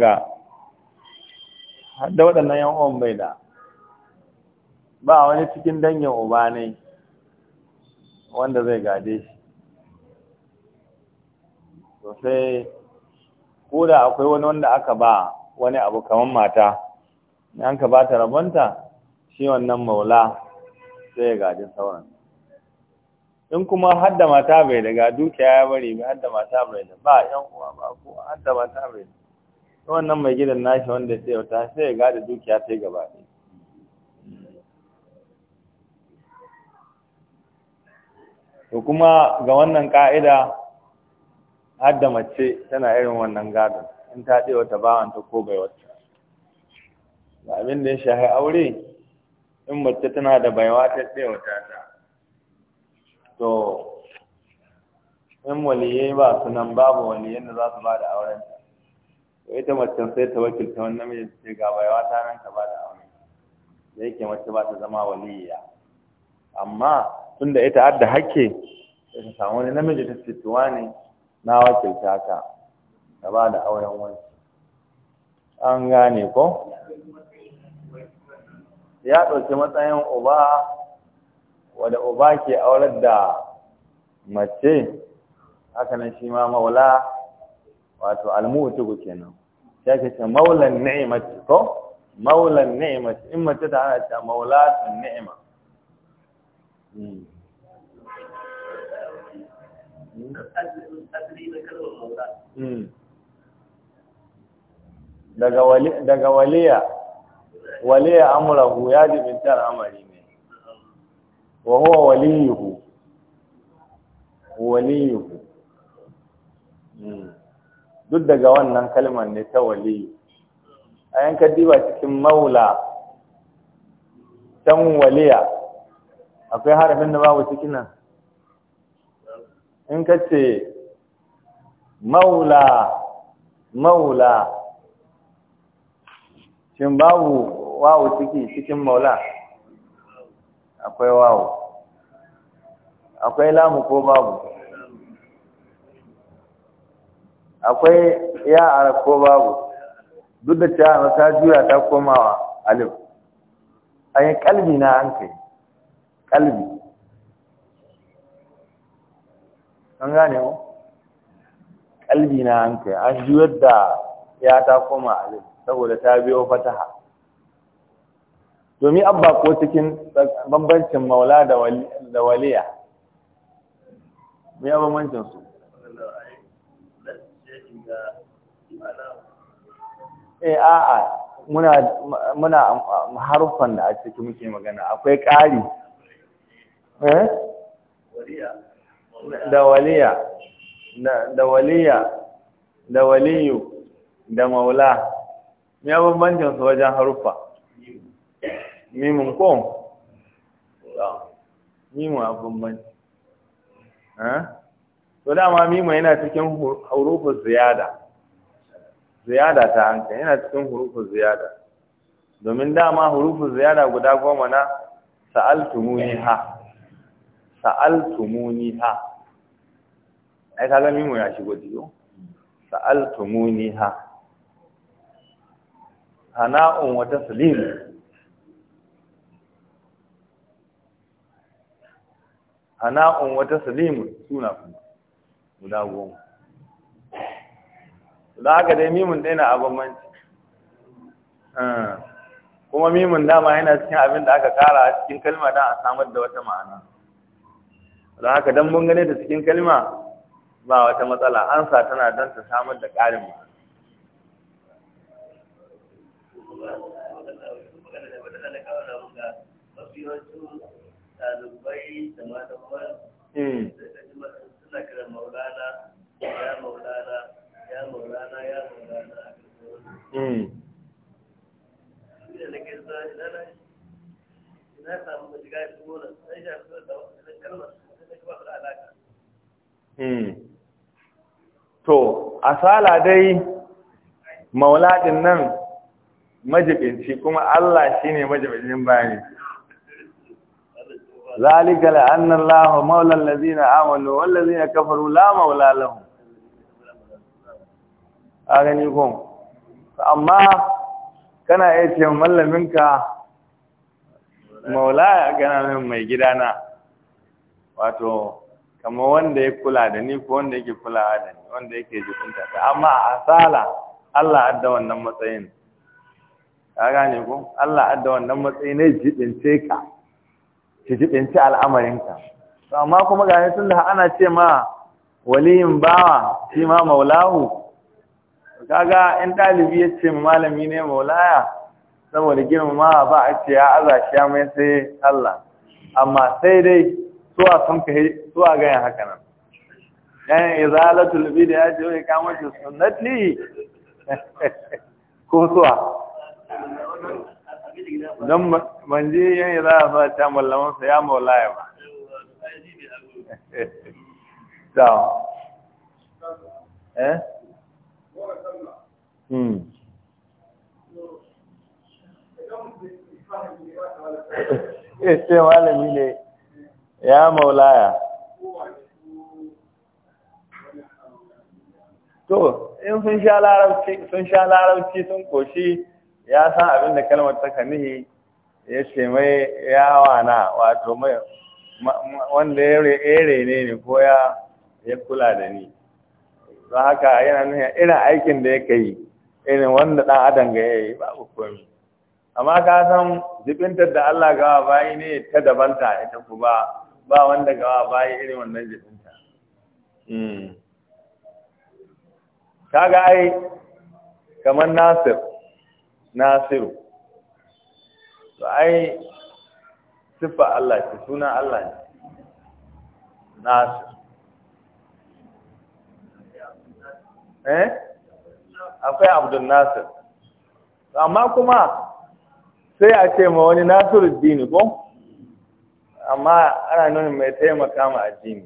ga da waɗannan yan uwan bai da ba wani cikin dangin uba ne wanda zai gade shi sosai ko da akwai wani wanda aka ba wani abu kamar mata an ka ba ta rabonta shi wannan maula sai ya gaji sauran in kuma hadda mata bai daga dukiya ya bari ba hadda mata bai da ba yan uwa ba ko hadda mata bai da wannan mai gidan nashi wanda ya wata sai ya gada dukiya ta gaba ne to kuma ga wannan ka'ida har da mace tana irin wannan gadon in ta bawan ta ko bai wata ga abin da ya shahi aure in mace tana da baiwa ta ɗewa ta ta to in waliyai ba su nan babu waliyai da za su ba da aurenta. ita macen sai ta wakilta wani namiji ce ga baiwa ta nan ka ba da aure da yake mace ba ta zama waliya amma tun da ita adda hakke ta samu wani namiji ta ce ne na wakilta ka ka ba da auren wani an gane ko ya ɗauki matsayin uba wadda uba ke aurar da mace hakanan shi ma maula wato almutuku kenan sai ka ce maulan ni'imati ko maulan ni'imati in mace ta ana ta maulatun ni'ima hmm. hmm. daga waliya waliya amurahu ya jibintar amari ne wa huwa waliyuhu waliyuhu hmm. duk daga wannan kalmar ne ta wali, a yanka diba cikin maula can waliya akwai harafin da babu cikin nan in ka ce maula maula shin babu wawu ciki cikin maula akwai wawu akwai lamu ko babu akwai ya a ko babu duk da cewa ta juya ta komawa alif an yi kalbi na an kai kalbi an gane mu kalbi na an kai an juyar da ya ta koma alif saboda ta biyo fataha domin abba ko cikin bambancin maula da waliya me abin bambancin su Eh, a'a muna muna harufan da a cikin muke magana akwai ƙari eh? da waliya da waliyu da maula ya bambancin su wajen harufa mimun ko mimun a bambanci eh? to dama mima yana cikin hurufin ziyada ziyada ta hankali yana cikin hurufin ziyada domin dama hurufin ziyada guda goma na sa'altumuni ha sa'altumuni ha ai kaga mimo ya shigo jiyo sa'altumuni ha hana'un wa taslim hana'un wa taslim suna kuma guda goma Da haka dai mimin ɗaya na abambanci ah, kuma mimin dama yana cikin abin da aka kara a cikin kalma don a samar da wata ma'ana Da haka don mun gane da cikin kalma ba wata matsala an sa tana don ta samar da ƙarin ma'ana hmm. suna ya maulana ya maulana ya maulana hmm. a kan da hmm. to asala dai mauladin nan majibinci kuma Allah shi shine majibincin bayani ذلك لأن الله مولى الذين آمنوا والذين كفروا لا مولى لهم أغنيكم amma kana iya ce mallaminka maulaya gana min mai gidana wato kamar wanda ya kula da ni ko wanda yake kulawa da ni wanda yake jikunta ta amma a asala Allah adda wannan matsayin ka gane ko Allah adda wannan matsayin ne ce ka ki ɗinci al'amarinka amma kuma ga tun da ana ce ma waliyin bawa shi ma maulahu kaga in ɗalibi ya ce malami ne maulaya saboda girmama ba a ce ya aza shi ya mai sai Allah amma sai dai suwa sun ka suwa gayan haka nan yan izalatul da ya ce wai kamar sunnati ko suwa don manje je yin za a fata mallamansa ya maulaya ba so eh hmm eh, malami ne ya maulaya to in sun sha larabci sun koshi ya san abin da kalmar ta kanihi ya ce mai yawa na wato mai wanda ya rere ne ne ko ya kula da ni za haka yana nuna irin aikin da ya yi irin wanda ɗan adam ga ya yi babu komi amma ka san jibintar da Allah gawa bayi ne ta dabanta ita ku ba ba wanda gawa bayi irin wannan jibinta hmm. kaga ai kamar nasir nasiru to ai siffa Allah ce suna Allah ne nasir eh akwai abdul nasir amma kuma sai a ce ma wani Nasiru dini ko amma ana nuna mai taimaka ma addini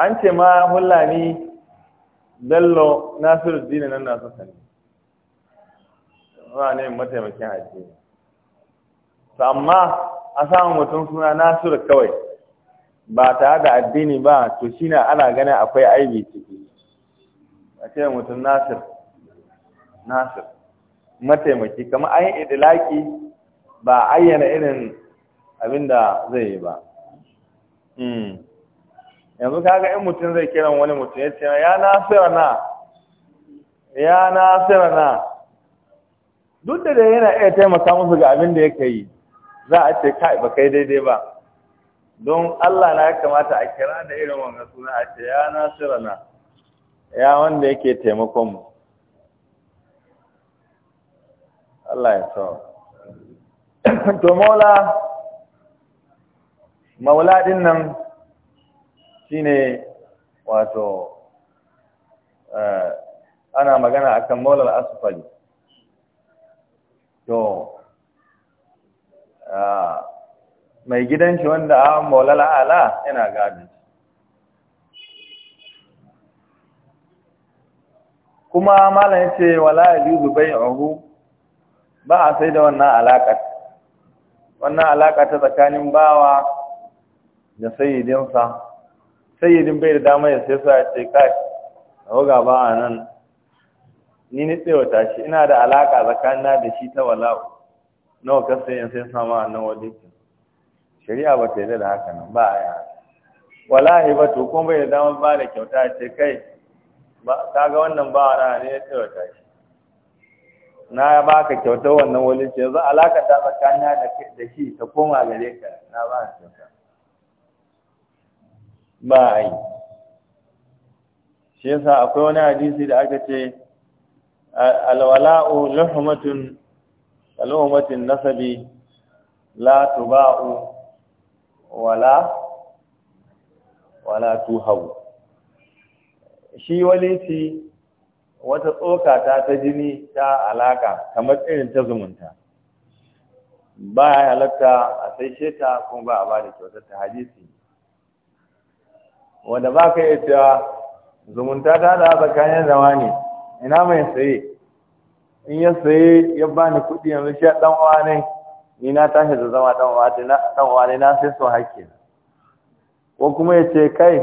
an ce ma hulani bello dini nan na sani suna ne mataimakin addini to amma a samun mutum suna nasiru kawai ba tare da addini ba to shi na ana ganin akwai aibi ciki a ce mutum nasir nasir mataimaki kamar an yi idilaki ba ayyana irin abinda zai yi ba hmm. yanzu kaga in mutum zai kiran wani mutum ya ce ya nasira na ya nasira na duk da yana iya taimaka musu ga abin da yake yi za a ce kai ba kai daidai ba don Allah na ya kamata a kira da irin wannan suna a ce ya nasirana ya wanda yake taimakon mu Allah ya so to maula maula din nan shine wato eh, ana magana akan al asfali to mai gidan shi wanda a maulala ala yana gadi kuma malam ce wala yuzu bai'uhu ba a sai da wannan alaƙar wannan alaƙa ta tsakanin bawa da sayyidinsa sayyidin bai da dama ya sai sa ya ce kai roga ba a nan ni ni tsewata shi ina da alaka tsakanina da shi ta wala'u nawa kasa yin sai sama nan waje shari'a ba ta yi da haka nan ba a yi haka. wallahi ba to kuma bai da damar ba da kyauta ce kai ta ga wannan ba a ne ya tsewata shi na ba ka kyautar wannan wali ce yanzu alaka ta tsakanina da shi ta koma gare ka na ba a kyauta ba a yi shi yasa akwai wani hadisi da aka ce alwala'u luhmatun luhmatin nasabi la tuba'u wala wala tuhau shi walisi wata tsokata ta ta jini ta alaka kamar irin ta zumunta ba ya halatta a sai sheta kuma ba a ba da kyautar ta hadisi wanda ba ka yi cewa zumunta ta da tsakanin zama ne ina mai saye in ya saye ya bani kuɗi yanzu shi ɗan uwa ne ni na tashi da zama ɗan uwa ne ɗan uwa ne na sai so hakki ko kuma ya ce kai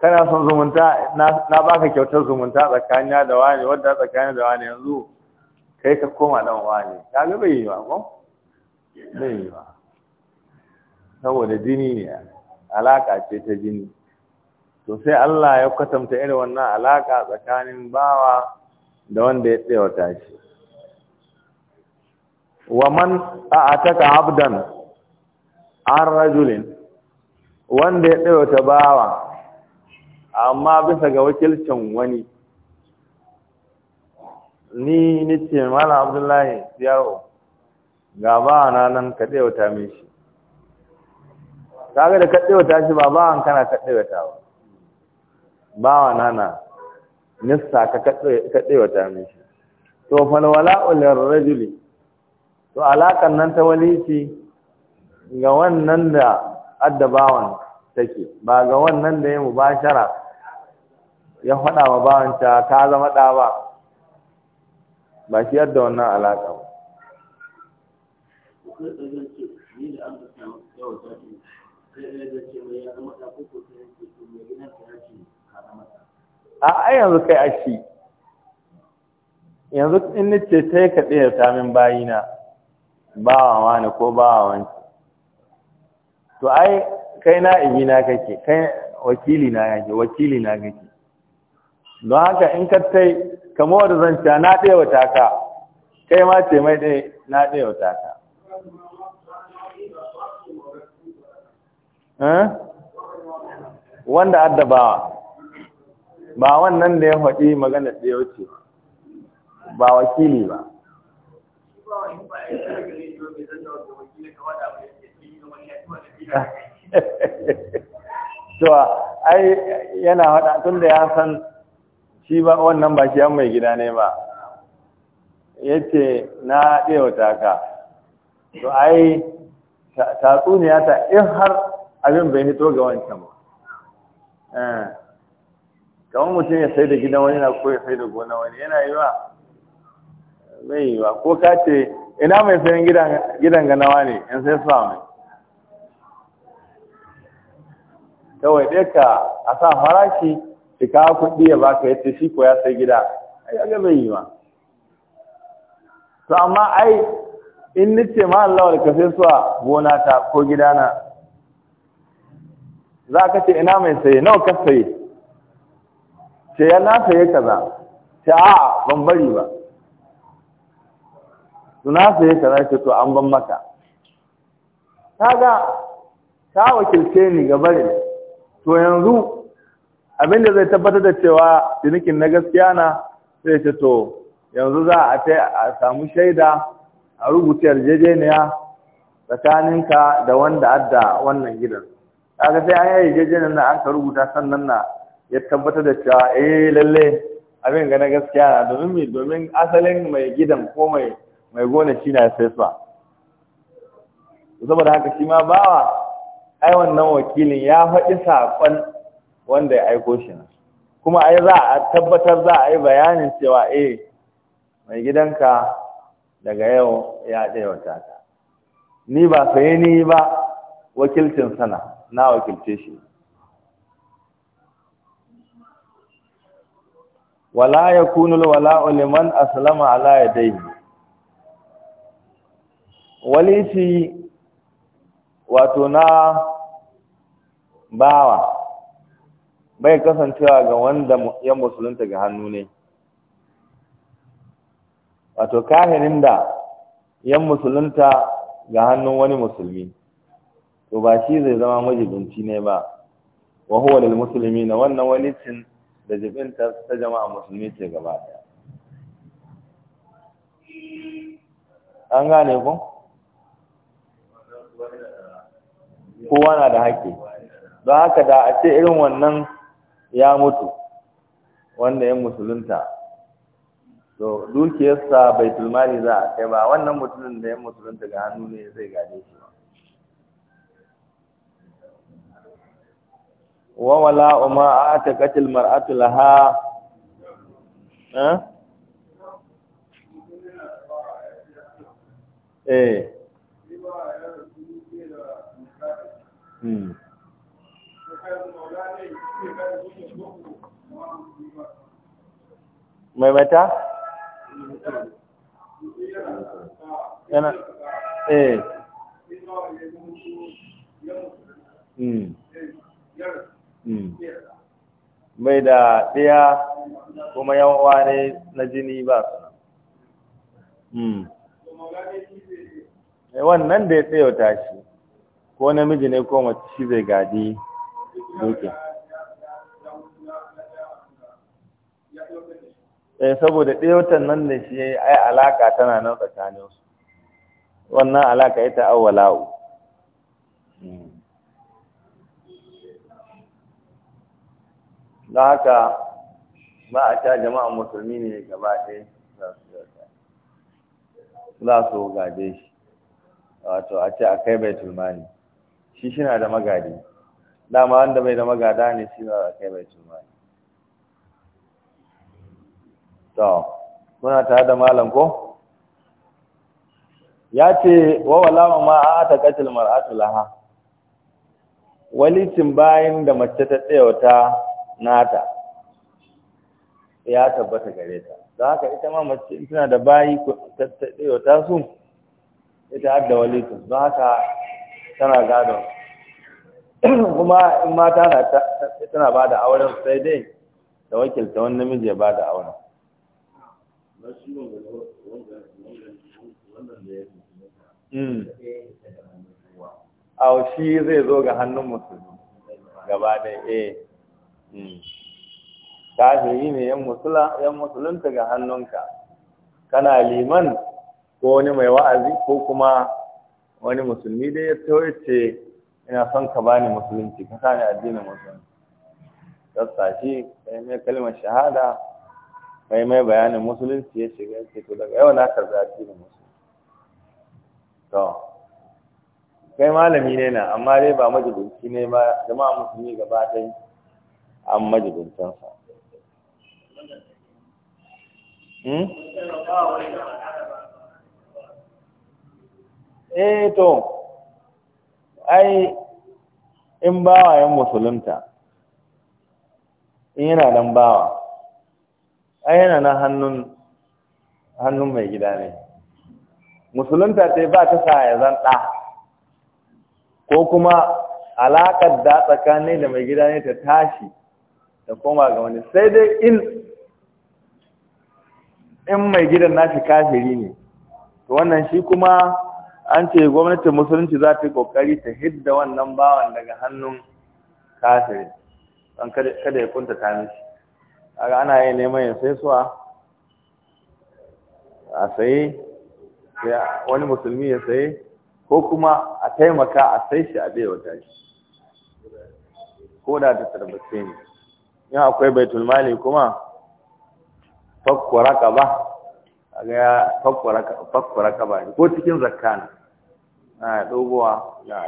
kana son zumunta na baka kyautar zumunta tsakanin da wani wadda tsakanin da wani yanzu kai ka koma ɗan uwa ne ga bai yi ba ko bai yi ba saboda jini ne alaka ce ta jini to sai Allah ya kwatanta irin wannan alaƙa tsakanin bawa da wanda ya tsewata shi wa man a'ataka abdan an rajulin wanda ya tsewata bawa amma bisa ga wakilcin wani ni nice mala abdullahi yaro ga bawa na nan ka tsewata mai shi kaga da ka tsewata shi ba bawan kana ka tsewata ba bawa na na nissa ka kaɗewata mishi to falwala ular to alakan nan ta walici ga wannan da addabawan take ba ga wannan da ya mubashara ya faɗa wa bawanta ka zama ɗa ba ba shi yadda wannan alaƙa ba ni da a yanzu kai ashi yanzu in nace sai ka tsaya ta min bayina bawawa ne ko wani to ai kai na ibi na kake kai wakili na yake wakili na kake don haka in ka tsaye kamar wanda zan ci na ɗaya wata ka kai ma ce mai ɗaya na ɗaya wata ka wanda addabawa ba wannan da ya faɗi magana da ya wuce ba wakili ba to ai yana haɗa tun da ya san shi ba wannan ba shi an mai gida ne ba yace ce na ɗewata ka to ai tatsuniya ta in har abin bai hito ga wancan ba eh. kamar mutum ya sai da gidan wani na ko ya sai da gona wani yana yi wa mai yi wa ko ka ce ina mai sayan gidan ganawa ne in sai sa mai kawai ɗaya ka a sa farashi shi kawo kuɗi ya baka yadda shi ko ya sai gida ai ga bai yi wa to amma ai in nice ma Allah da sai suwa gona ta ko gidana za ka ce ina mai saye nawa ka saye ce ya na ya kaza ce a ban bari ba su nasa ya kaza ce to an ban maka kaga ta wakilce ni ga barin to yanzu abinda zai tabbatar da cewa cinikin na gaskiya na sai ce to yanzu za a ta a samu shaida a rubuta yarjejeniya tsakaninka da wanda adda wannan gidan kaga sai an yi yarjejeniya na an ka rubuta sannan na ya tabbatar da cewa eh lalle abin ga na gaskiya domin domin asalin mai gidan ko mai gona shi na sai saboda haka shi ma bawa ai wannan wakilin ya faɗi saƙon wanda ya aiko shi na kuma ai za a tabbatar za a yi bayanin cewa eh mai gidanka daga yau ya ɗaya wata ni ba saye ni ba wakilcin sana na wakilce shi wala ya yakunu wala liman aslama ala yadayhi walisi wato na bawa bai kasancewa ga wanda ya musulunta ga hannu ne wato kahirin da yan musulunta ga hannun wani musulmi to ba shi zai zama majibinci ne ba wa huwa lil muslimina wannan walicin da jibinta ta jama'a musulmi ce gaba daya an gane ku kowa na da haƙƙi don haka da a ce irin wannan ya mutu wanda ya musulunta to dukiyarsa bai tulmari za a kai ba wannan mutumin da ya musulunta ga hannu ne zai gane shi wa wala ma ataqat katil mar'atu laha eh hmm mata? yana eh hmm Hmm. mai da ɗaya kuma yawa ne na jini ba su hmm. eh, wannan da ya tsayauta shi ko namiji ne ko mace shi zai gadi dokin eh saboda ɗayautan nan da shi ya yi ai alaka tana nan tsakaninsu wannan alaka ita awwala'u hmm. da haka ba a ta jama'a musulmi ne gaba ɗaya za su gade shi wato a ce a kai bai tulmani shi shi na da magadi dama wanda bai da magada ne shi na da kai bai tulmani to kuna tare da malam ko ya ce wa walama ma a ta katil mar'atu laha walicin bayan da mace ta tsayauta nata ya tabbata gare ta da haka ita ma mace tana da bayi tattaɗewa ta su ita har da walitun don haka tana gadon kuma in mata tana ba da auren sai dai da wakilta wani namiji ya ba da auren hmm. a shi zai zo ga hannun musulmi gaba da eh kafiri ne yan musulunta ga hannunka kana liman ko wani mai wa'azi ko kuma wani musulmi dai ya ce ina son ka bani musulunci ka sani addinin musulunci sassa shi kai mai kalmar shahada kai mai bayanin musulunci ya shiga ya to daga yau na karɓi addinin musulunci to kai malami ne na amma dai ba majibinci ne ba jama'a musulmi gaba ɗaya an majibintansa hmm? eh to ai in bawa yan musulunta in yana dan bawa ai yana na hannun hannun mai gida ne musulunta sai ba ta sa ya zan ɗa ko kuma alaƙar da tsakanin da mai gida ne ta tashi da koma ga wani sai dai in in mai gidan nashi kafiri ne to wannan shi kuma an ce gwamnatin musulunci za ta yi kokari ta hidda wannan bawan daga hannun kafiri don kada ya kunta ta mishi kaga ana yin neman ya sai suwa a saye wani musulmi ya saye ko kuma a taimaka a sai shi a bai wata shi ko da ta tarbace ne in akwai baitul mali kuma fakku raqaba kaga ya fakku raqaba fakku ko cikin zakka na ya dogowa na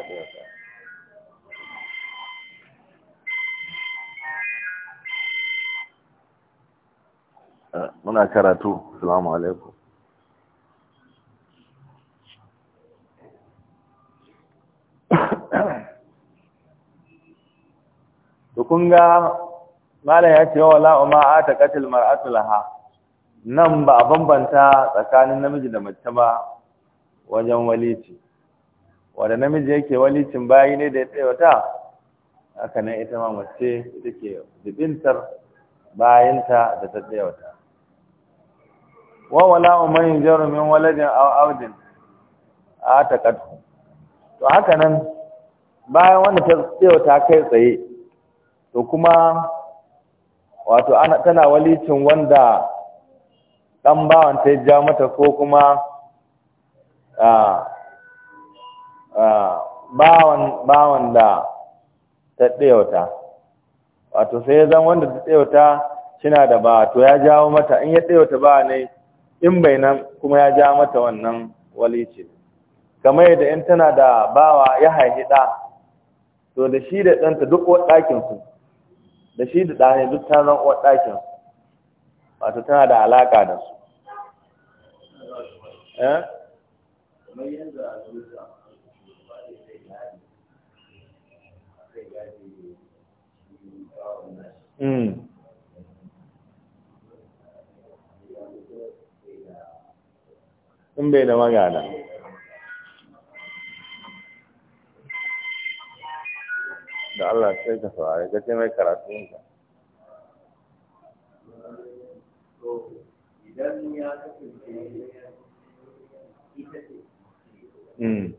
da muna karatu salamu alaikum to kun ga malam ya ce wala umma ataqatil mar'atu laha nan ba a bambanta tsakanin namiji da mace ba wajen walici wanda namiji yake walicin bayi ne da ya ta? haka nan ita ma mace ita ke dubintar bayinta da ta ta. wa wala umman jarumin waladin aw awdin ataqatu to haka nan bayan wanda ta ta kai tsaye to kuma wato ana tana walicin wanda dan bawan ta ja mata ko kuma bawan bawan da ta tsayauta wato sai zan wanda ta tsayauta shina da ba to ya jawo mata in ya tsayauta ba ne in bai nan kuma ya ja mata wannan walici kamar yadda in tana da bawa ya haihida ɗa to da shi da ɗanta duk ɗakin su da shi da ɗane duk ta zan uwar ɗakin wato tana da alaƙa da su Mm. in bai da magana Allah sai ka saurari gaje mai ka ya hmm. hmm.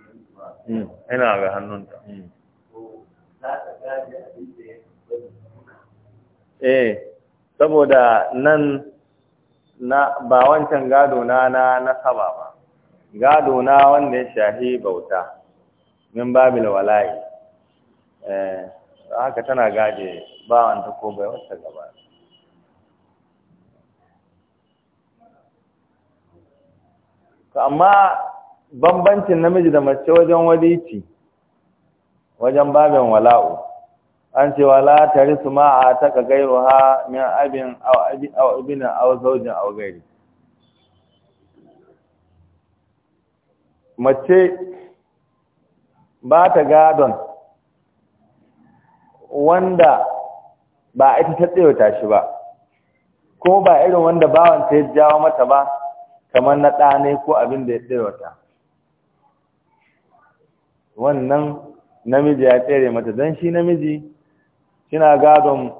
da hmm. ina ga hannunta eh saboda nan na ba wancan gado na na nasaba ba gado na wanda ya shahi bauta min babil wala'i eh haka tana gaje ba ta ko bai wata gaba amma bambancin namiji da mace wajen wadici wajen babin wala'u an ce cewa la su ma a taka ha min abin aw ibn aw zawjin aw gairi mace ba ta gadon wanda ba ita ta tsayota shi ba ko ba irin wanda bawan ta jawo mata ba kamar na ɗane ko abin da ya ta wannan namiji ya tsere mata don shi namiji kina gadon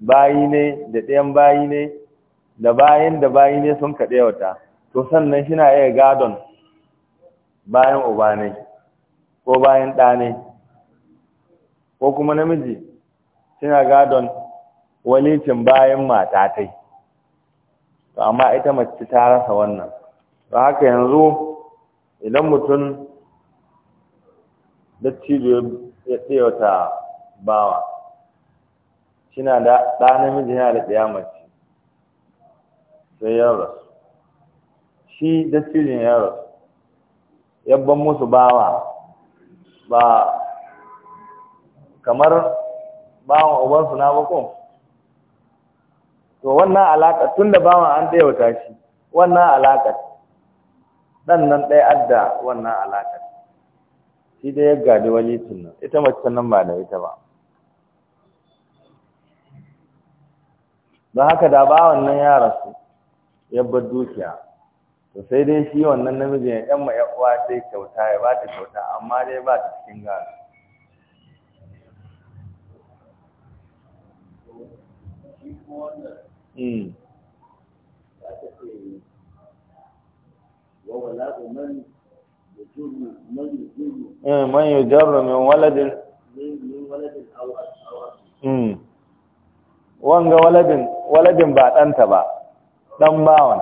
bayi ne da ɗayan bayi ne da bayan da bayi ne sun kaɗe wata to sannan kina iya gadon bayan uba ne ko bayan ɗa ne ko kuma namiji kina gadon walicin bayan matatai to amma ita mace ta rasa wannan to haka yanzu idan mutum dattijo ya wata bawa shina da ɗa namiji yana da ɗaya mace sai ya rasu shi dattijin ya rasu yabban musu bawa ba kamar bawan ubansu na bako to wannan alaƙa tun da bawan an ɗaya shi wannan alaƙa ɗan nan ɗaya adda wannan alaƙa shi dai ya gadi walitin nan ita mace nan ba da ita ba don haka da ba wannan ya rasu ya bar dukiya to sai dai shi wannan namijin ya ɗan ma uwa sai kyauta ya ba ta kyauta amma dai ba ta cikin gano. Mm. Eh, min waladin min hmm. waladin wanga waladin waladin ba danta ba ɗan bawan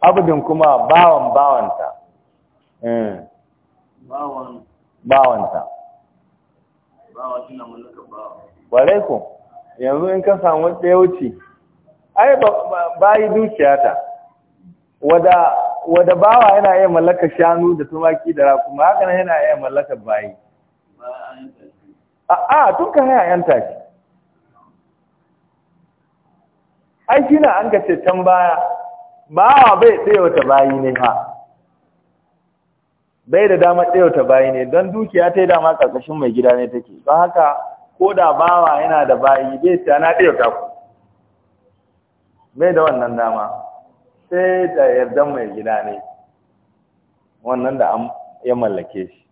abudin kuma bawan bawanta hmm. bawanta bawan ku yanzu in ka samu daya wuce ai yi dukiya ta wada bawa yana iya mallaka shanu da tumaki da rakuma haka yana iya mallaka bayi a'a tun ka haya yan tashi ai shi na an gace can baya bawa bai wata bayi ne ha bai da damar wata bayi ne don dukiya ta yi dama ƙarƙashin mai gida ne take don haka ko da bawa yana da bayi bai siya na tsayauta ku bai da wannan dama sai da yardan mai gida ne wannan da ya mallake shi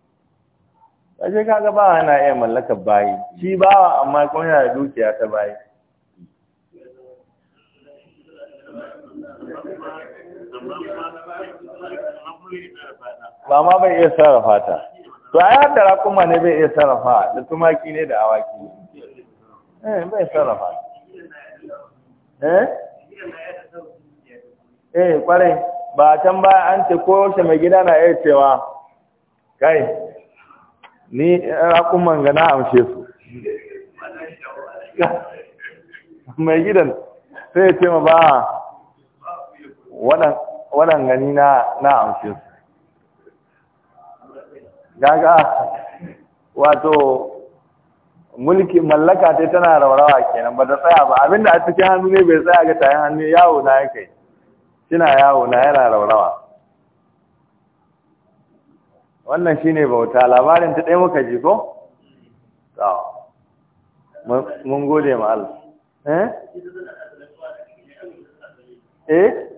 ƙashe kaga bawa yana iya mallakar bayi shi bawa amma kuma yana da dukiya ta bayi ba ma bai iya sarrafa ta to a yadda rakuma ne bai iya sarrafa da tumaki ne da awaki eh bai sarrafa eh eh kwarai ba can ba an ce ko shi mai gida na iya cewa kai ni raƙuman ga na amshe su mai gidan sai ya ce ma ba waɗan gani na na su daga wato mulki mallaka ta tana rawarawa kenan ba da tsaya ba abinda a cikin hannu ne bai tsaya ga tayin hannu yawo na ya kai yawo na yana rawarawa wannan shine bauta labarin ta dai muka ji ko? mun gode ma Allah eh? eh?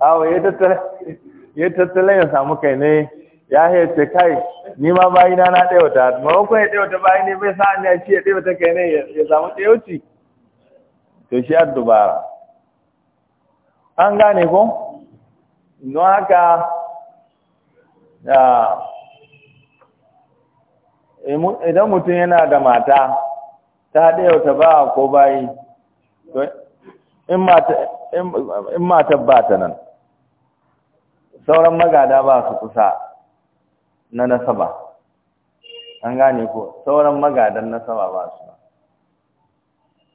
awo ya tattalin ya samu kai ne ya haya ce kai ni ma bayi na na ɗaya wata maimakon ya ɗaya wata bayi ne bai sa'an ya ci ya ɗaya wata kai ne ya samu ɗaya wuce to shi an dubara an gane ko nuna haka idan mutum yana da mata ta ɗaya wata ba ko bayi in matar ba ta nan sauran magada ba su kusa na nasaba an gane ko sauran magadan nasaba ba su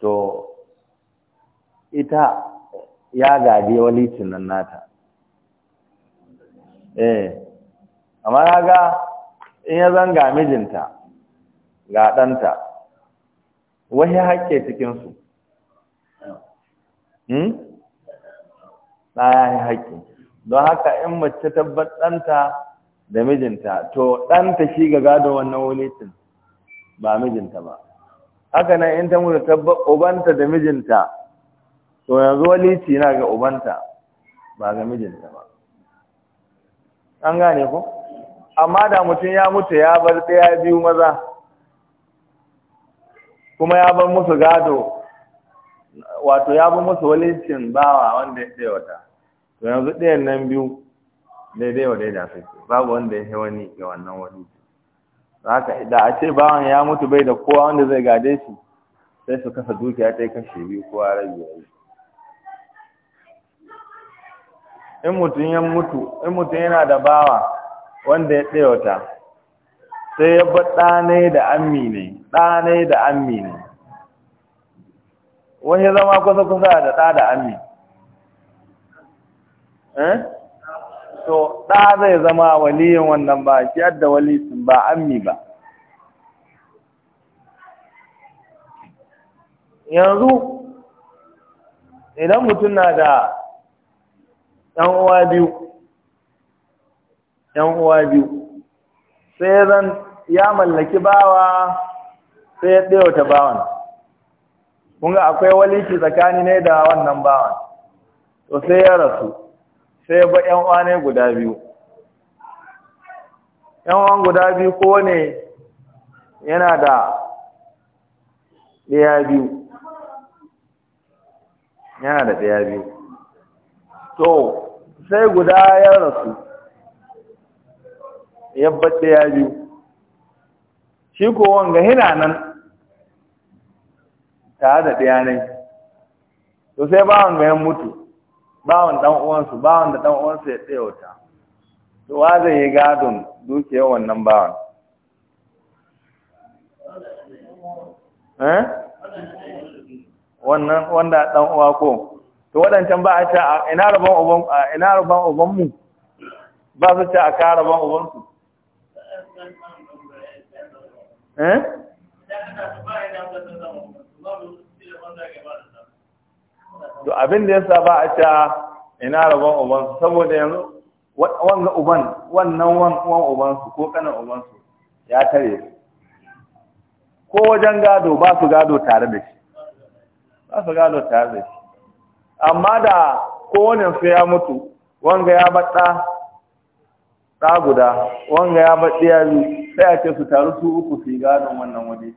to ita ya gaje walicin nan nata eh amma kaga in ya zanga mijinta ga ɗanta wani hakke cikinsu ɗa hmm? ya yi haƙƙi don haka in mace tabbat ɗanta da mijinta to ɗanta shi ga gado wannan wulitin ba mijinta ba haka nan in ta mutu tabbat ubanta da mijinta to yanzu waliti na ga ubanta ba ga mijinta ba an gane ku. amma da mutum ya mutu ya bar ɗaya biyu maza kuma ya bar musu gado wato ya bi musu walicin bawa wanda ya tsaye wata to yanzu ɗayan nan biyu daidai wa daida suke babu wanda ya wani ga wannan wani haka da a ce bawan ya mutu bai da kowa wanda zai gade shi sai su kasa dukiya ta kashe biyu kowa rabi ya yi in mutum ya mutu in mutum yana da bawa wanda ya tsaye wata sai ya bar ɗanai da ammi ne ɗanai da ammi ne wani zama kusa-kusa da ɗa da ami eh? to ɗa zai zama waliyin wannan ba shi yadda sun ba ami ba yanzu idan mutum na da ‘yan uwa biyu ‘yan uwa biyu sai zan ya mallaki bawa sai ya ɗaya wata bawan kun ga akwai waliki tsakani ne da wannan bawan to sai ya rasu sai ba ƴan uwa ne guda biyu ƴan uwan guda biyu ko ne yana da ɗaya biyu yana da ɗaya biyu to sai guda ya rasu ya baɗe ɗaya biyu shi ko wanga hina nan tare da ne? to sai bawan ga ya mutu bawan ɗan uwansu bawan da ɗan uwansu ya tsaye wuta to wa zai yi gadon dukiyar wannan bawan eh? wannan wanda ɗan uwa ko to waɗancan ba a ce ina rabon uban ina rabon uban mu ba su ce a ka rabon uban su eh to abin da sa ba a ta ina rabon uban saboda yanzu wanga uban wannan wan uban su ko kanan uban su ya tare su ko wajen gado ba su gado tare da shi ba su gado tare da shi amma da kowane su ya mutu wanga ya baɗa ɗa guda wanga ya baɗi ya biyu sai a ce su taru su uku su yi gadon wannan waje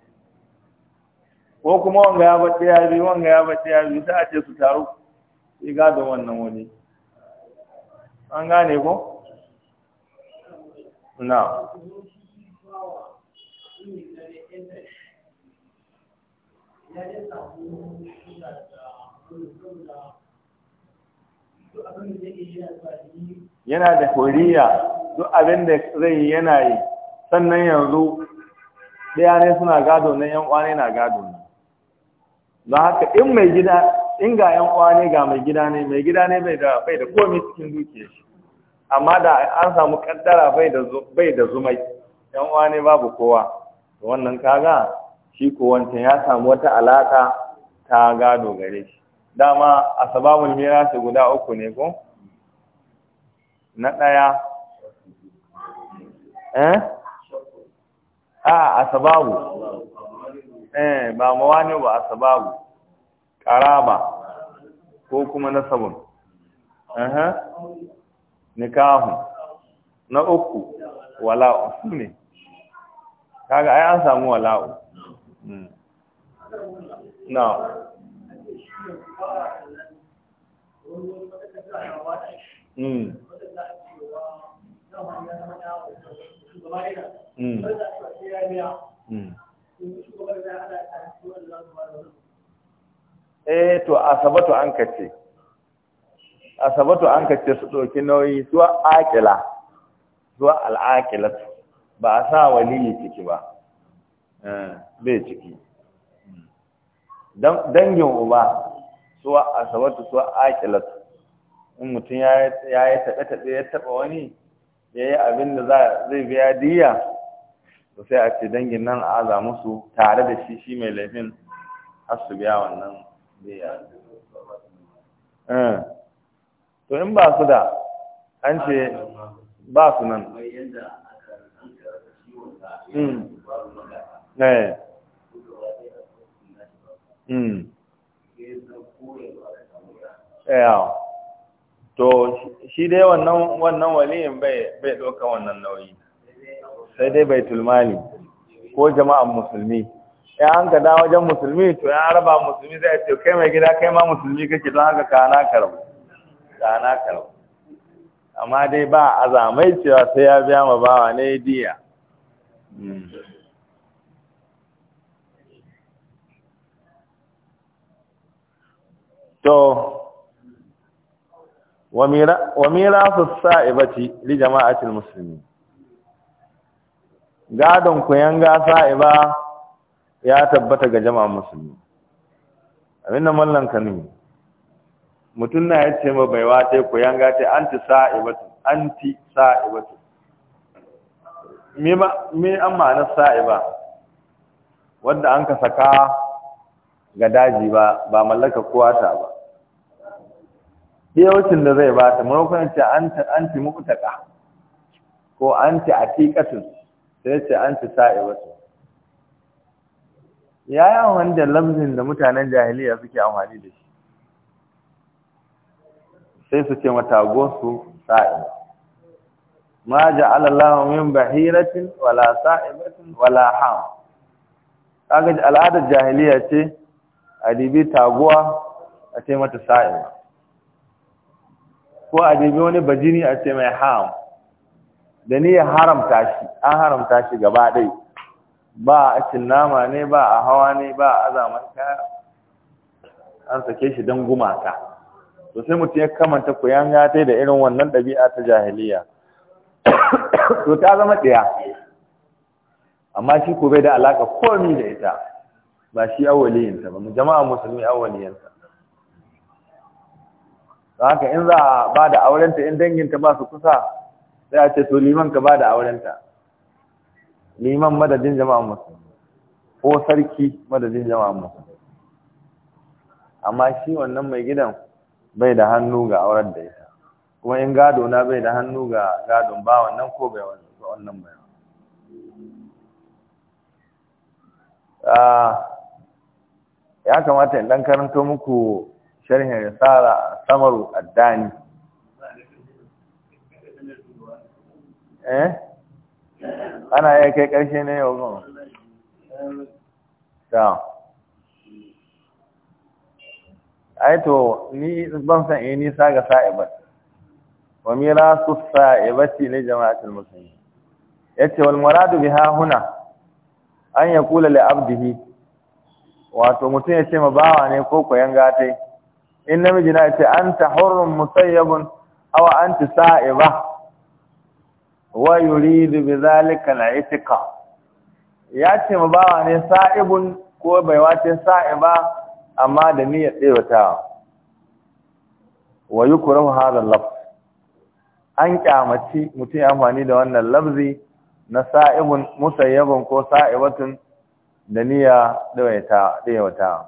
ko kuma wanga ya bata ya bi? wanga ya bata ya bi? sai a ce su taru sai gado wannan wani an gane ko na yana da horiya duk abin da zai yi yana yi sannan yanzu ɗaya ne suna gado na yan kwane na gado ne don haka in mai gida in ga yan uwa ne ga mai gida ne mai gida ne bai da bai da komai cikin dukiyar shi amma da an samu kaddara bai da bai da zumai yan uwa ne babu kowa to wannan kaga shi ko wancan ya samu wata alaka ta gado gare shi dama asbabul mirasi guda uku ne ko na daya eh a asbabu eh ba mawani ba asbabu ba. ko kuma nasabun aha nikahu na uku wala'u ne kaga ai an samu wala'u na Mm. Mm. eh to asabatu an kace asabatu an kace su ɗauki nauyi su aqila su al'aqila ba a sa wali ciki ba eh, bai ciki dangin uba suwa asabatu suwa aqila in mutum ya yi taɓe-taɓe ya taɓa wani ya yi abin da zai biya diya to sai a ce dangin nan a aza musu tare da shi shi mai laifin har su biya wannan biya eh, to in ba su da an ce ba su nan hmm. Eh. Hmm. Eh, to shi dai wannan waliyin bai ɗauka wannan nauyi sai dai baitul mali ko jama'an musulmi ya an da wajen musulmi to ya raba musulmi zai ce kai mai gida kai ma musulmi kake don haka kana karbu kana karbu amma dai ba azamai cewa sai ya biya ma bawa ne diya hmm. to wa mira wa su sa'ibati li jama'atil muslimin gadon yan gasa iba ya tabbata ga jama'a musulmi abin nan mallan kanu mutun na ya ce ma baiwa ta koyan gata anti sa'ibatu anti sa'ibatu me ba me an ma'ana sa'iba wanda an ka saka ga daji ba ba mallaka kowa ta ba ɗewacin da zai bata kuma ce anti mutaka ko anti atiqatun sai ce an ci sa'i wasu ya yi amfani da lamzin da mutanen jahiliya suke amfani da shi sai su ce matago su sa'i ma ja Allahu min bahiratin wala sa'ibatin wala ham kaga al'adar jahiliya ce a dibi taguwa a ce mata sa'i ko a dibi wani bajini a ce mai ham da ni ya haramta shi an haramta shi gaba ɗai ba a cin nama ne ba a hawa ne ba a azaman kaya an sake shi don gumaka to sai mutum ya kamanta yan ta da irin wannan ɗabi'a ta jahiliya to ta zama ɗaya amma shi ko bai da alaka komi da ita ba shi awaliyinta ba jama'a musulmi awaliyinta don haka in za a ba da aurenta in danginta ba su kusa sai a ce to liman ka bada aurenta liman madadin jama'a musulmi ko sarki madadin jama'a musulmi amma shi wannan mai gidan bai da hannu ga auren da ita kuma in gado na bai da hannu ga gadon ba wannan ko bai wannan bai ah, ya kamata in dan karanto muku sharhin risala samaru addani eh ana ya kai ƙarshe ne yau gama ta aito ni ban san eh nisa ga sa'ibat wa mirasu sa'ibati li jama'atul muslimin yace wal muradu biha huna an yaqula li abdihi wato mutum ya ce ma bawa ne ko koyan gatai in namiji na ce anta hurrun musayyabun aw anta sa'iba wa yuridu bi zalika al ya ce ma bawa ne sa'ibun ko bai wace sa'iba amma da niyyar tsewatawa wa yukrahu hadha al-lafz an kyamaci mutum ya amfani da wannan lafzi na sa'ibun musayyabun ko sa'ibatun da niyya tsewatawa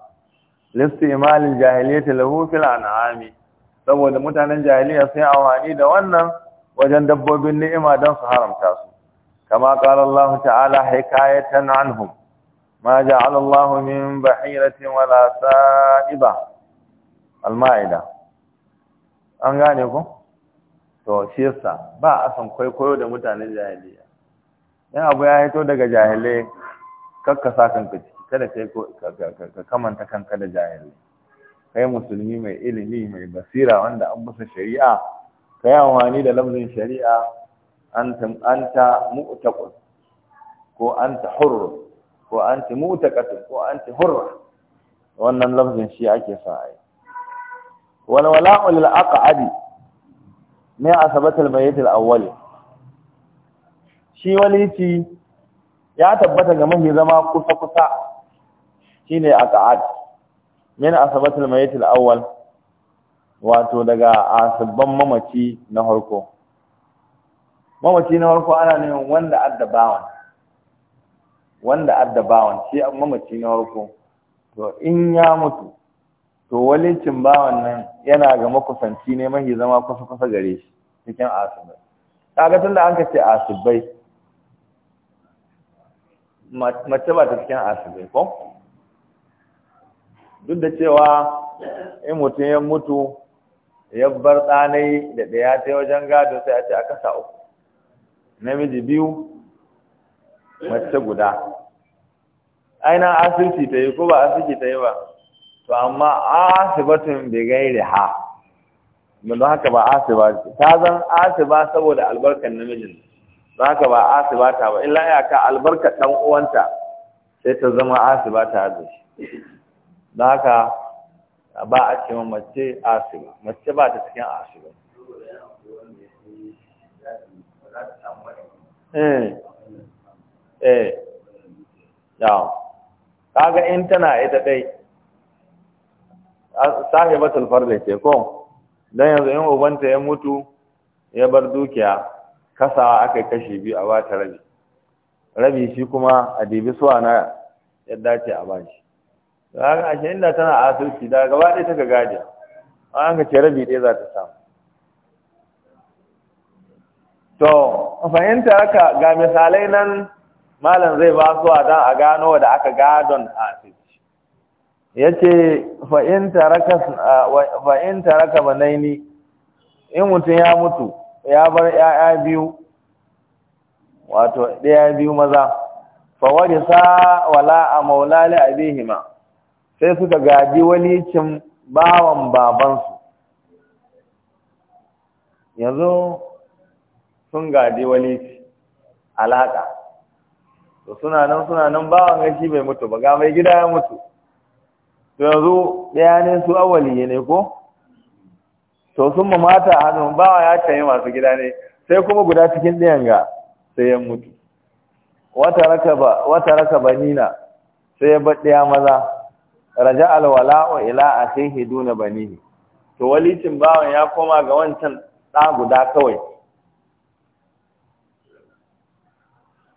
listi imalin jahiliyyati lahu fil an'ami saboda mutanen jahiliya sai amfani da wannan wajen dabbobin ni'ima don su haramta su kama qala Allah ta'ala hikayatan anhum ma ja'ala Allah min bahiratin wala sa'iba al-ma'ida an gane ku to shi yasa ba a san kwaikwayo da mutanen jahiliya dan abu ya hito daga jahilai sa kanka ciki kada kai ka kamanta kanka da jahilai kai musulmi mai ilimi mai basira wanda an musu shari'a ka yi amfani da lamzin shari'a an ta mu'taqun ko an ta hurr ko an ta mu'taqatun ko an ta hurr wannan lamzin shi ake sa ai wal wala'u aqadi ne asabatul mayyit al awwal shi walici ya tabbata ga mun zama kusa kusa shine aqad min asabatul mayyit al awwal wato daga sabban mamaci na harko mamaci na harko ana neman wanda adda bawan wanda adda bawan shi mamaci na harko to in ya mutu to walicin bawan nan yana ga makusanci ne mahi zama kusa kusa gare shi cikin asibai Ƙagatun da an ka ce asibai mace ba ta cikin asibai ko duk da cewa in mutum ya mutu yabbar tsanai da ɗaya ta wajen gado sai a ce a kasa uku namiji biyu mace guda ainihin asirci ta yi ko ba asirci ta yi ba to amma asibatin bai gairi ha don haka ba asiba ta zan asiba saboda albarkar namijin don haka ba asiba ta ba illa ya ka albarkar ɗan uwanta sai ta zama asiba ta zai. don haka ba a ce mace asiba mace ba ta cikin asiba eh eh kaga in tana ita dai sahibatul farda ce ko dan yanzu in ubanta ya mutu ya bar dukiya kasawa aka kashi biyu a bata rabi rabi shi kuma a dibi suwa na yadda ce a bashi da haka ashe inda tana a asirci da gaba ɗaya ta ga a an ga ce rabi ɗaya za ta samu to fahimta haka ga misalai nan malam zai ba su a don a gano da aka gadon a asirci ya ce fahimta raka banaini in mutum ya mutu ya bar 'ya'ya biyu wato ɗaya biyu maza sa wala a maulali abihima sai suka gadi walicin bawan babansu yanzu sun gadi walici alaƙa to suna nan suna nan bawan gashi bai mutu ba ga mai gida ya mutu to yanzu ɗaya ne su awali ne ko to sun mata a hannun bawa ya canyi masu gida ne sai kuma guda cikin ɗayan ga sai ya mutu wata raka ba nina sai ya bar ɗaya maza raja alwala ila akhihi duna banihi to walicin bawan ya koma ga wancan da guda kawai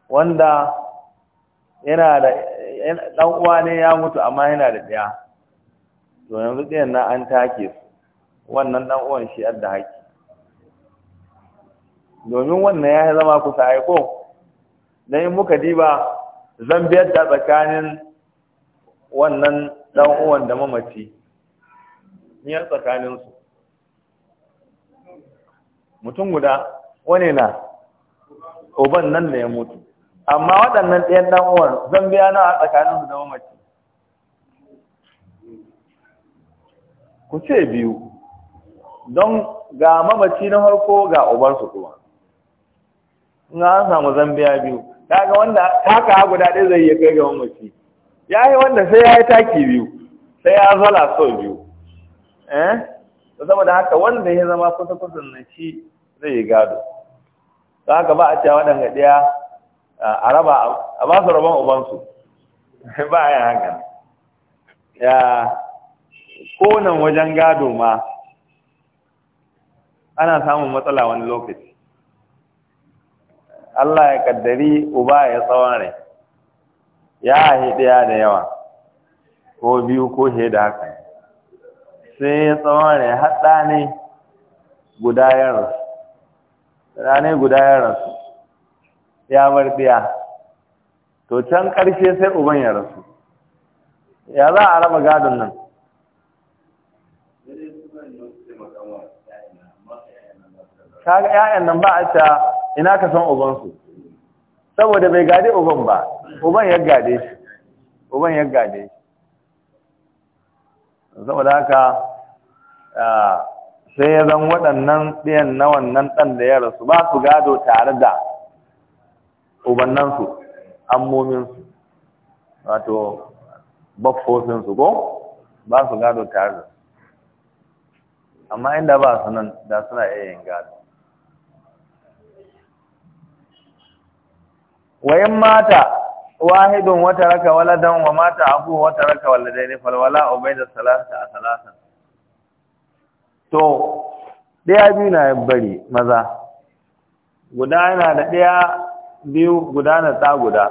wanda yana da dan uwa ne ya mutu amma yana da daya to yanzu din na an take wannan dan uwan shi da haki domin wannan ya zama kusa ko, dan muka diba zambiyar da tsakanin wannan dan uwan da mamaci niyar tsakaninsu mutum guda wane na uban nan da ya mutu amma waɗannan ɗayan ɗan uwan zan biya na a tsakaninsu da mamaci ku ce biyu don ga mamaci na harko ga ubansu kuma in an samu zambiya biyu kaga wanda haka guda ɗaya zai iya kai ga mamaci ya yi wanda sai ya yi taki biyu sai ya zala sau biyu eh saboda haka wanda ya zama kusa kusa na shi zai yi gado don haka ba a cewa waɗanda ɗaya a raba a ba su rabon ubansu ba a yi haka ya konan wajen gado ma ana samun matsala wani lokaci Allah ya kaddari uba ya tsawon rai ya haihi ɗaya da yawa ko biyu ko he da haka sai ya tsawon rai haɗa ne guda ya rasu guda ya rasu ya bar ɗaya to can ƙarshe sai uban ya rasu ya za a raba gadon nan ga 'ya'yan nan ba a ta ina ka san ubansu saboda bai gade uban ba uban ya gade shi uban ya gade shi saboda haka sai ya zan waɗannan ɗiyan na wannan ɗan da ya rasu ba su gado tare da ubannansu ammominsu wato bakfosinsu ko ba su gado tare da amma inda ba su nan da suna iya yin gado wayan mata wahidun wata raka waladan wa mata abu wata raka waladaini falwala ubaida salasa a salasa to ɗaya biyu na bari maza guda yana da daya biyu guda na ta guda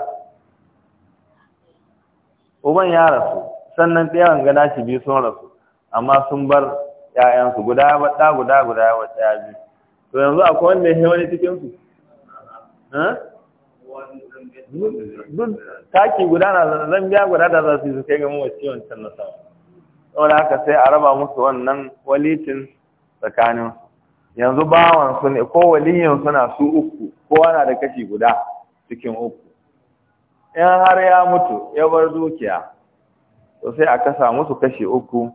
uban ya rasu sannan ɗayan gana shi biyu sun rasu amma sun bar ‘ya'yansu guda ya guda guda ya baɗa biyu to yanzu akwai wanda ya wani cikinsu? duk taki guda na biya guda da za su yi su kai wasu yawan can na sama saboda haka sai a raba musu wannan walitin tsakanin yanzu bawan su ne ko waliyin suna su uku kowa na da kashi guda cikin uku in har ya mutu ya bar dukiya to sai a kasa musu kashi uku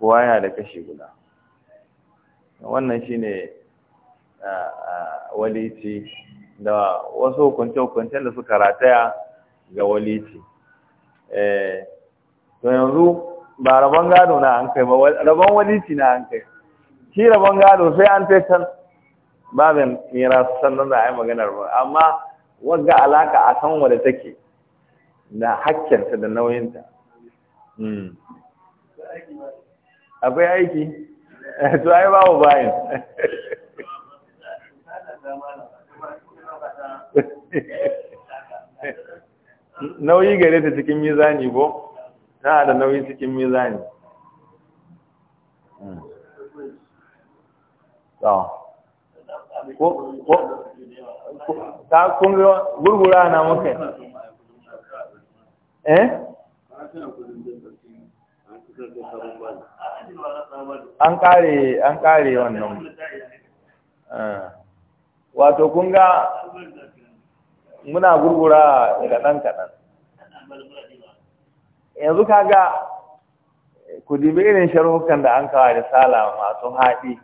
ko yana da kashi guda wannan shine ah, ah, waliti da wasu hukunce-hukuncen da suka rataya ga walici. Eh, to yanzu ba rabon gado na an kai ba rabon walici na an kai shi rabon gado sai an tai can babin mira sannan da a yi maganar ba amma wadda alaka a san wadda take da hakkinta da nauyinta hmm. akwai aiki to ai babu bayan. nauyi gare ta cikin mizani ko na da nauyi cikin mizani hmm. ta kunga gurgura na muka eh an kare an kare wannan ah. wato kunga muna gurgura kaɗan kaɗan yanzu kaga ku dibi irin sharhukan da an kawo sala masu haɗi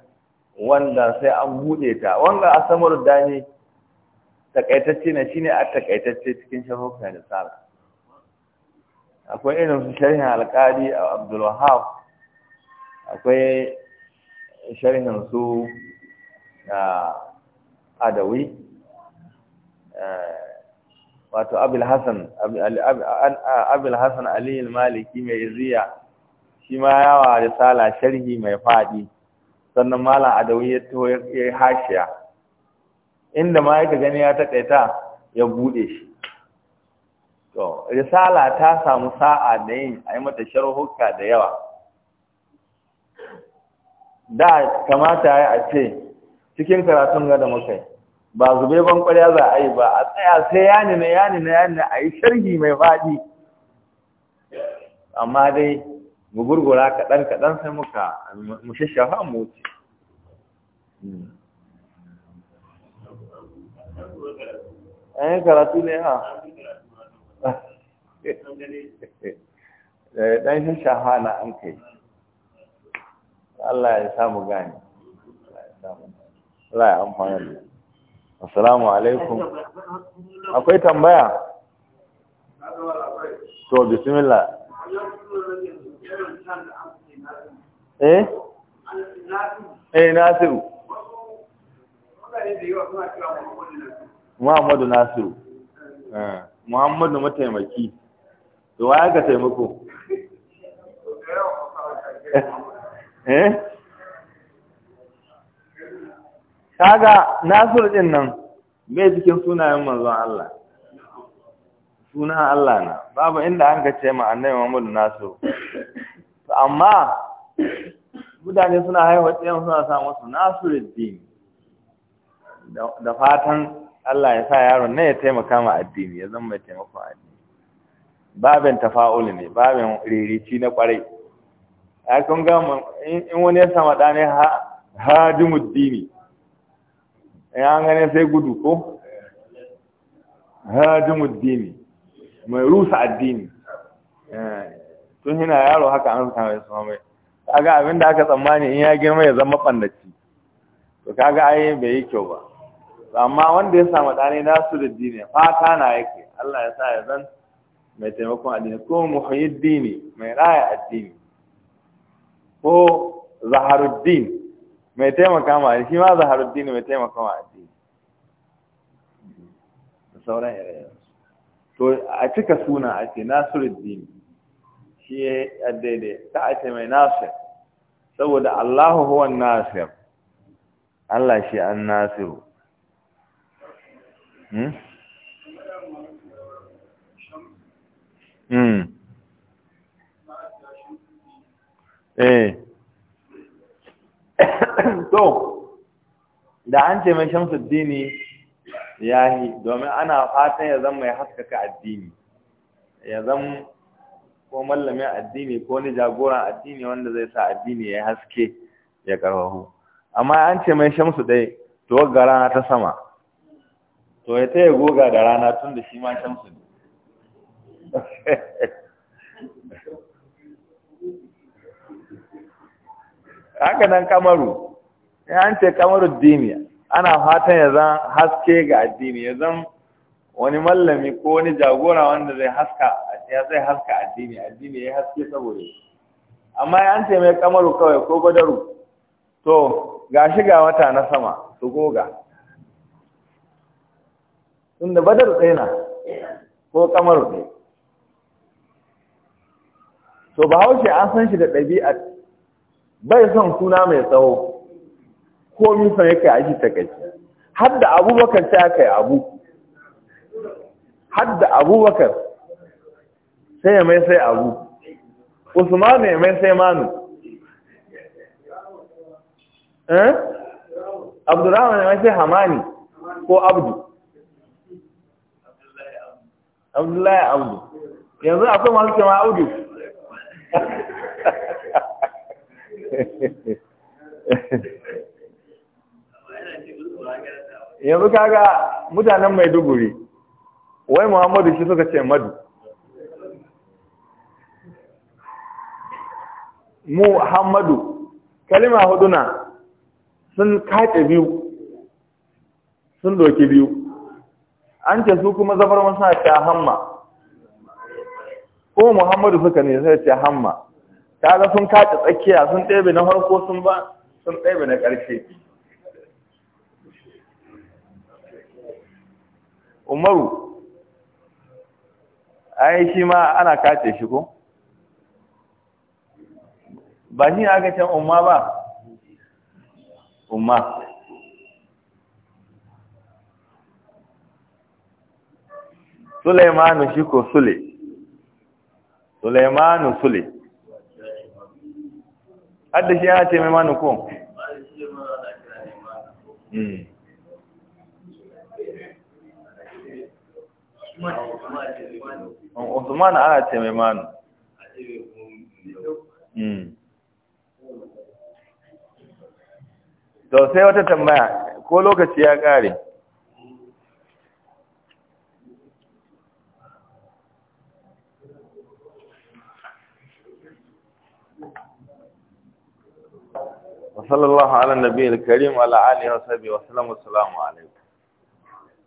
wanda sai an buɗe ta wanda a samar dani takaitacce ne shine a takaitacce cikin sharhukan sala. akwai irin su sharhin alƙali a abdulwahab akwai sharhin su a ah, adawi eh, wato abul hasan abul hasan ali maliki mai ziya shi ma yawa risala sharhi mai fadi sannan malam adawi ya to ya hashiya inda ma yake gani ya takaita ya bude shi to risala ta samu sa'a da yin ayi mata sharhuka da yawa da kamata ya ce cikin karatun ga da muka ba zube ban kwarya za a yi ba a tsaya sai yani na yani na yani a yi sharhi mai faɗi amma dai mu gurgura kaɗan kaɗan sai muka mu shashafa mu wuce hmm. an yi karatu ne ha ɗan eh, shashafa na an kai Allah ya samu gani Allah ya amfani da assalamu alaikum akwai tambaya to bismillah eh eh nasiru muhammadu nasiru eh, muhammadu mataimaki to waya ka taimako eh kaga nasir din nan me cikin sunayen manzon Allah suna Allah na babu inda an ga ce ma annabi Muhammad nasir amma mutane suna haihuwa tsaye suna sa musu nasiruddin da fatan Allah ya sa yaron nan ya taimaka ma addini ya zama mai taimakon addini babin tafa'ul ne babin ririci na kwarai a kun ga in wani ya sama ɗane ha hajimuddini ya eh, gane sai gudu ko hajimuddini mai rusa addini eh, tun yana yaro haka an ya samu mai kaga abinda aka tsammani in ya girma ya zama ɓandaci to kaga ai bai yi kyau ba amma wanda ya samu ɗane su da dini fata na yake Allah ya sa ya zan mai taimakon addini ko muhayyid dini mai raya addini ko zaharuddin mai taimaka ma shi ma dini mai taimaka ma addini da sauran yare to a cika suna a ce dini, shi ya daidai ta ake mai nasir saboda allahu huwa nasir allah shi an nasiru Hmm? Hmm. Eh. to da an ce mai Shamsu dini ya yi domin ana fatan ya zama mai haskaka addini ya zama ko mallamin addini ko ni jagoran addini wanda zai sa addini ya haske ya karfahu amma an ce mai shamsu dai to ga rana ta sama to ya taya goga da rana tun da shi ma shamsu ne haka nan kamaru ya an ce kamar dini ana fatan ya zan haske ga addini ya zan wani mallami ko wani jagora wanda zai haska ya zai haska addini addini ya haske saboda amma ya an ce mai kamaru kawai ko gwadaru to ga shi ga wata na sama su goga tunda badar ɗaya na ko kamaru ne to bahaushe an san shi da ɗabi'a bai son suna mai tsawo komi son ya kai aiki ta kai har da abubakar ta kai abu har da abubakar sai ya mai sai abu Usman ya mai sai manu eh abdurrahman ya mai sai hamani ko abdu abdullahi abdu yanzu akwai masu cewa abdu yanzu kaga mutanen maiduguri wai muhammadu shi suka ce madu muhammadu kalima huduna sun kaɗe biyu sun doki biyu an ce su kuma zafar masa ta hamma ko muhammadu suka ne sai ce hamma kaga sun kace tsakiya sun ɗebe na harko sun ba sun ɗebe na ƙarshe umaru ai shi ma ana kace shi ko ba shi aka can umma ba umma Suleimanu shi ko Sule Suleimanu Sule hadda shi ya ce mai manu ko hmm. Usman ana ce mai manu. To sai wata tambaya ko lokaci ya ƙare. وصلى الله على النبي الكريم وعلى آله وصحبه وسلم والسلام عليكم